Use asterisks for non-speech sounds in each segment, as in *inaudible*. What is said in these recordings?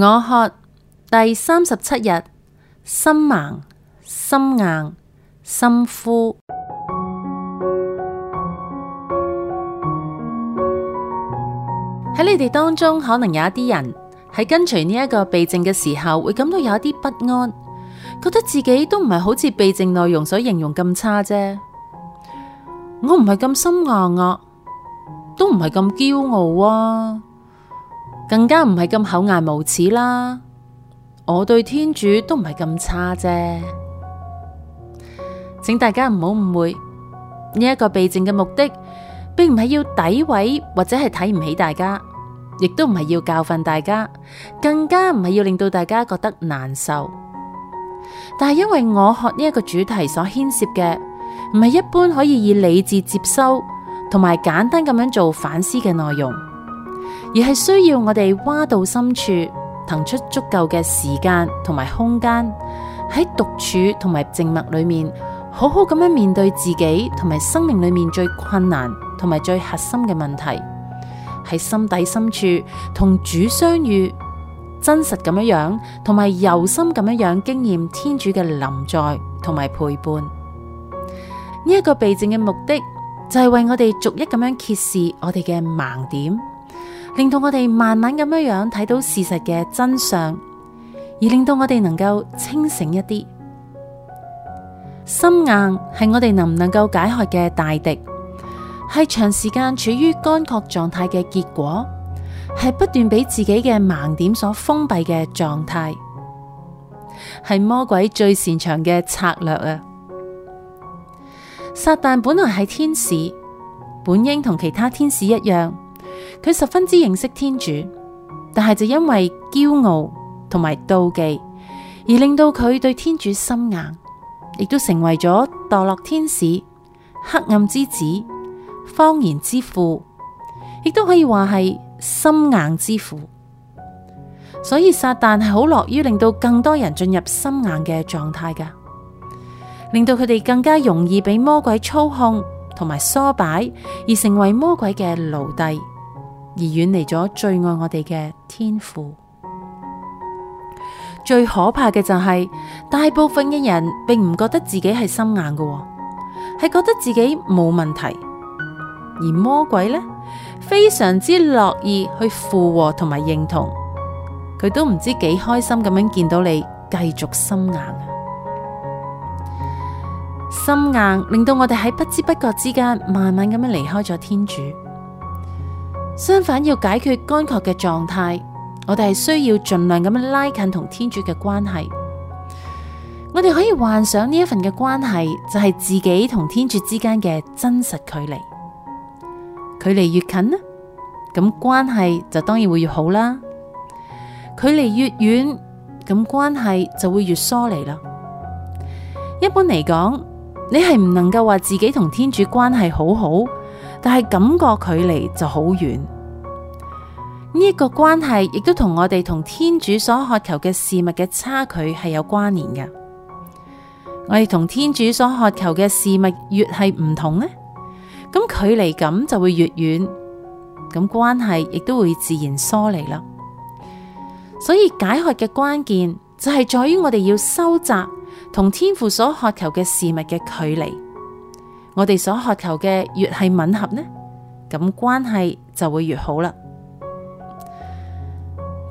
我渴第三十七日，心盲、心硬、心枯。喺 *music* 你哋當中，可能有一啲人喺跟隨呢一個避靜嘅時候，會感到有一啲不安，覺得自己都唔係好似避靜內容所形容咁差啫。我唔係咁心硬啊，都唔係咁驕傲啊。更加唔係咁厚顏無恥啦！我對天主都唔係咁差啫，請大家唔好誤會呢一，這個避靜嘅目的，並唔係要詆毀或者係睇唔起大家，亦都唔係要教訓大家，更加唔係要令到大家覺得難受。但係因為我渴呢一個主題所牽涉嘅，唔係一般可以以理智接收同埋簡單咁樣做反思嘅內容。而係需要我哋划到深處，騰出足夠嘅時間同埋空間，喺獨處同埋靜默裏面，好好咁樣面對自己同埋生命裏面最困難同埋最核心嘅問題，喺心底深處同主相遇，真實咁樣樣，同埋由心咁樣樣經驗天主嘅臨在同埋陪伴。呢一個避靜嘅目的，就係為我哋逐一咁樣揭示我哋嘅盲點。令到我哋慢慢咁樣樣睇到事實嘅真相，而令到我哋能夠清醒一啲。心硬係我哋能唔能夠解渴嘅大敵，係長時間處於乾涸狀態嘅結果，係不斷俾自己嘅盲點所封閉嘅狀態，係魔鬼最擅長嘅策略啊！撒旦本來係天使，本應同其他天使一樣。佢十分之認識天主，但係就因為驕傲同埋妒忌而令到佢對天主心硬，亦都成為咗墮落天使、黑暗之子、謊言之父，亦都可以話係心硬之父。所以撒旦係好樂於令到更多人進入心硬嘅狀態㗎，令到佢哋更加容易俾魔鬼操控同埋唆擺，而成為魔鬼嘅奴隸。而遠離咗最愛我哋嘅天父，最可怕嘅就係大部分嘅人並唔覺得自己係心硬嘅，係覺得自己冇問題，而魔鬼呢，非常之樂意去附和同埋認同，佢都唔知幾開心咁樣見到你繼續心硬。心硬令到我哋喺不知不覺之間，慢慢咁樣離開咗天主。相反，要解決乾涸嘅狀態，我哋係需要盡量咁樣拉近同天主嘅關係。我哋可以幻想呢一份嘅關係就係自己同天主之間嘅真實距離。距離越近呢，咁關係就當然會越好啦。距離越遠，咁關係就會越疏離啦。一般嚟講，你係唔能夠話自己同天主關係好好，但係感覺距離就好遠，呢一個關係亦都同我哋同天主所渴求嘅事物嘅差距係有關聯嘅。我哋同天主所渴求嘅事物越係唔同呢，咁距離感就會越遠，咁關係亦都會自然疏離啦。所以解渴嘅關鍵就係在於我哋要收窄同天父所渴求嘅事物嘅距離。我哋所渴求嘅越係吻合呢，咁關係就會越好啦。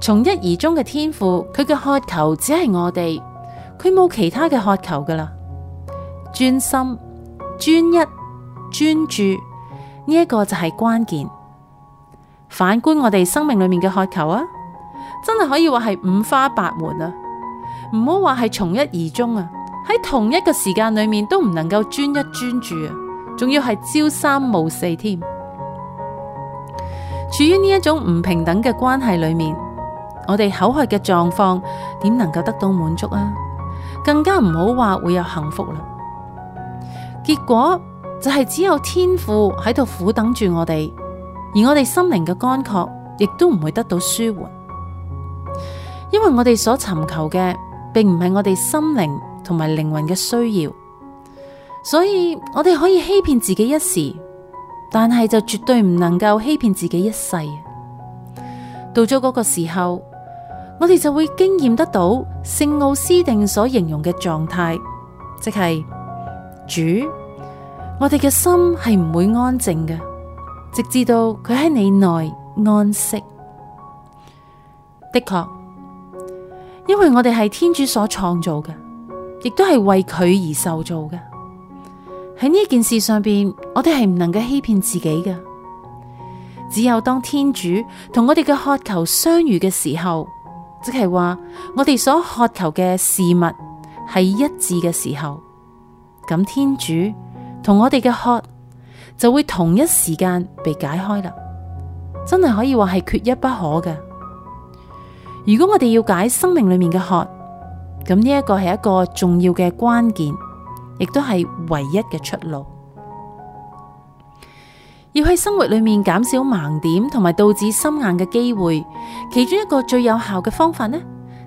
從一而終嘅天父，佢嘅渴求只係我哋，佢冇其他嘅渴求噶啦。專心、專一、專注呢一個就係關鍵。反觀我哋生命裏面嘅渴求啊，真係可以話係五花八門啊，唔好話係從一而終啊。喺同一個時間裏面都唔能夠專一專注啊，仲要係朝三暮四添。處於呢一種唔平等嘅關係裏面，我哋口渴嘅狀況點能夠得到滿足啊？更加唔好話會有幸福啦。結果就係只有天父喺度苦等住我哋，而我哋心靈嘅乾涸亦都唔會得到舒緩，因為我哋所尋求嘅並唔係我哋心靈。同埋靈魂嘅需要，所以我哋可以欺騙自己一時，但係就絕對唔能夠欺騙自己一世。到咗嗰個時候，我哋就會經驗得到聖奧斯定所形容嘅狀態，即係主，我哋嘅心係唔會安靜嘅，直至到佢喺你內安息。的確，因為我哋係天主所創造嘅。亦都係為佢而受造嘅。喺呢件事上邊，我哋係唔能夠欺騙自己嘅。只有當天主同我哋嘅渴求相遇嘅時候，即係話我哋所渴求嘅事物係一致嘅時候，咁天主同我哋嘅渴就會同一時間被解開啦。真係可以話係缺一不可嘅。如果我哋要解生命裏面嘅渴，咁呢一個係一個重要嘅關鍵，亦都係唯一嘅出路。要喺生活裏面減少盲點同埋導致心硬嘅機會，其中一個最有效嘅方法呢，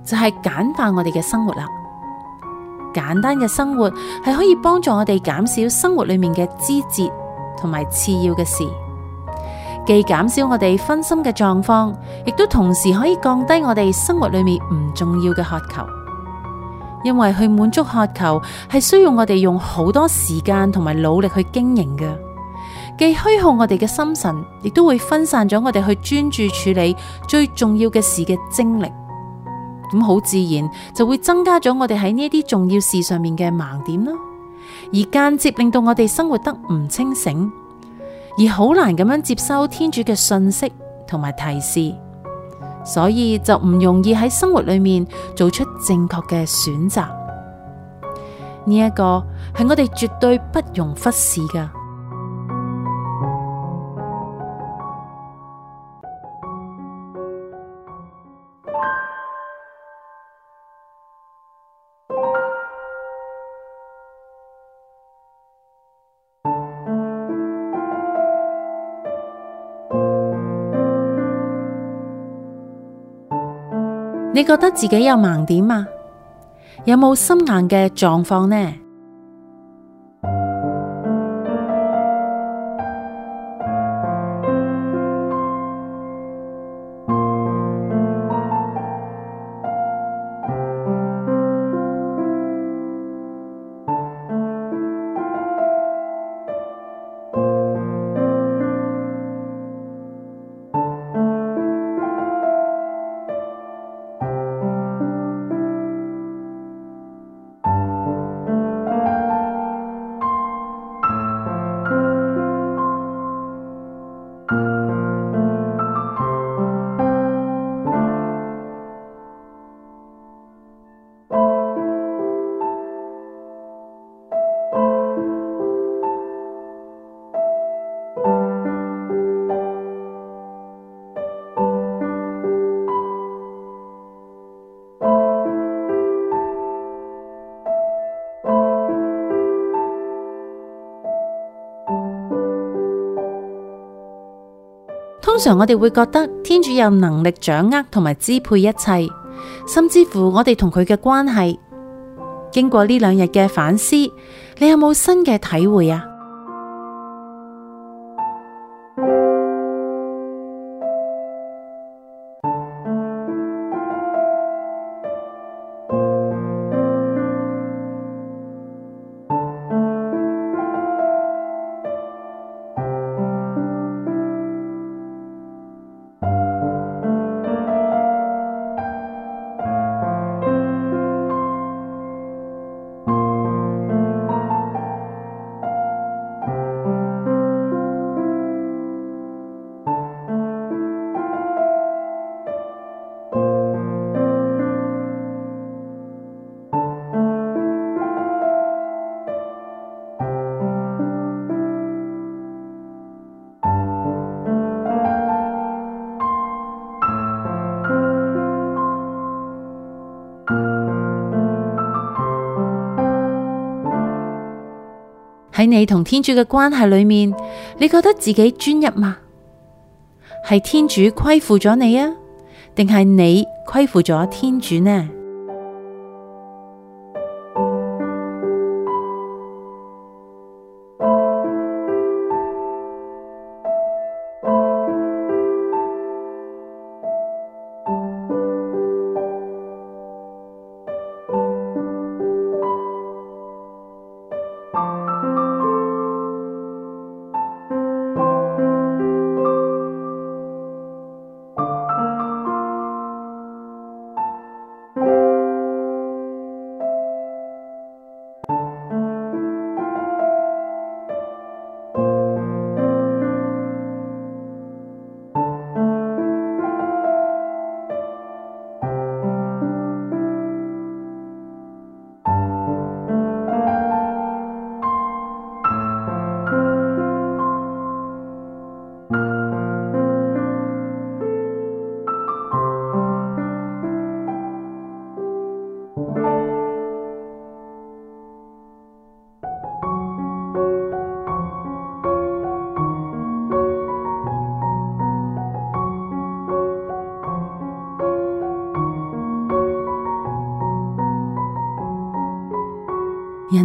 就係簡化我哋嘅生活啦。簡單嘅生活係可以幫助我哋減少生活裏面嘅枝節同埋次要嘅事，既減少我哋分心嘅狀況，亦都同時可以降低我哋生活裏面唔重要嘅渴求。因為去滿足渴求係需要我哋用好多時間同埋努力去經營嘅，既虛耗我哋嘅心神，亦都會分散咗我哋去專注處理最重要嘅事嘅精力。咁好自然就會增加咗我哋喺呢一啲重要事上面嘅盲點啦，而間接令到我哋生活得唔清醒，而好難咁樣接收天主嘅訊息同埋提示。所以就唔容易喺生活裏面做出正確嘅選擇，呢、這、一個係我哋絕對不容忽視嘅。你覺得自己有盲點嗎？有冇心硬嘅狀況呢？通常我哋會覺得天主有能力掌握同埋支配一切，甚至乎我哋同佢嘅關係。經過呢兩日嘅反思，你有冇新嘅體會啊？喺你同天主嘅關係裏面，你覺得自己專一嗎？係天主虧負咗你啊，定係你虧負咗天主呢？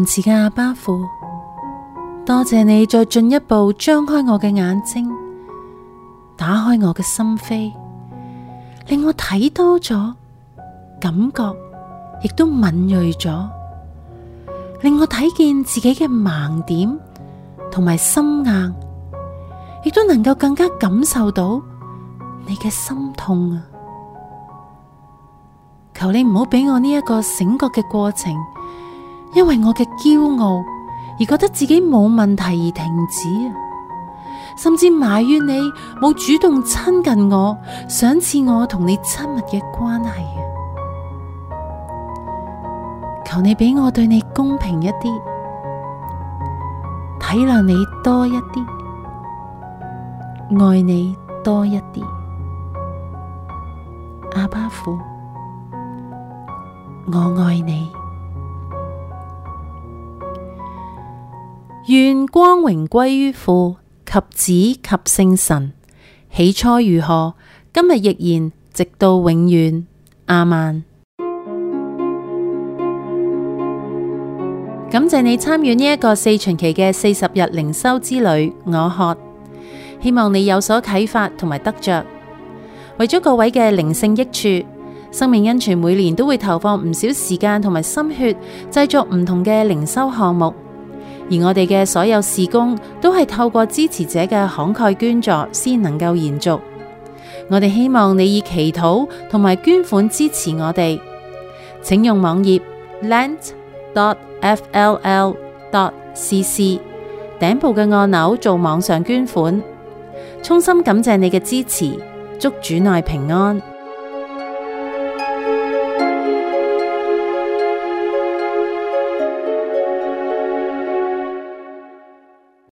慈嘅阿爸父，多謝你再進一步張開我嘅眼睛，打開我嘅心扉，令我睇多咗，感覺亦都敏銳咗，令我睇見自己嘅盲點同埋心硬，亦都能夠更加感受到你嘅心痛啊！求你唔好俾我呢一個醒覺嘅過程，因為我嘅驕傲而覺得自己冇問題而停止啊，甚至埋怨你冇主動親近我，賞賜我同你親密嘅關係啊！求你俾我對你公平一啲，體諒你多一啲，愛你多一啲，阿爸父，我愛你。願光榮歸於父及子及聖神。起初如何，今日亦然，直到永遠。亞孟。感謝你參與呢一個四旬期嘅四十日靈修之旅。我渴，希望你有所啟發同埋得着。為咗各位嘅靈性益處，生命恩泉每年都會投放唔少時間同埋心血，製作唔同嘅靈修項目。而我哋嘅所有事工都係透過支持者嘅慷慨捐助先能夠延續。我哋希望你以祈禱同埋捐款支持我哋，請用網頁 Lent.FLL.cc 頂部嘅按鈕做網上捐款。衷心感謝你嘅支持，祝主內平安。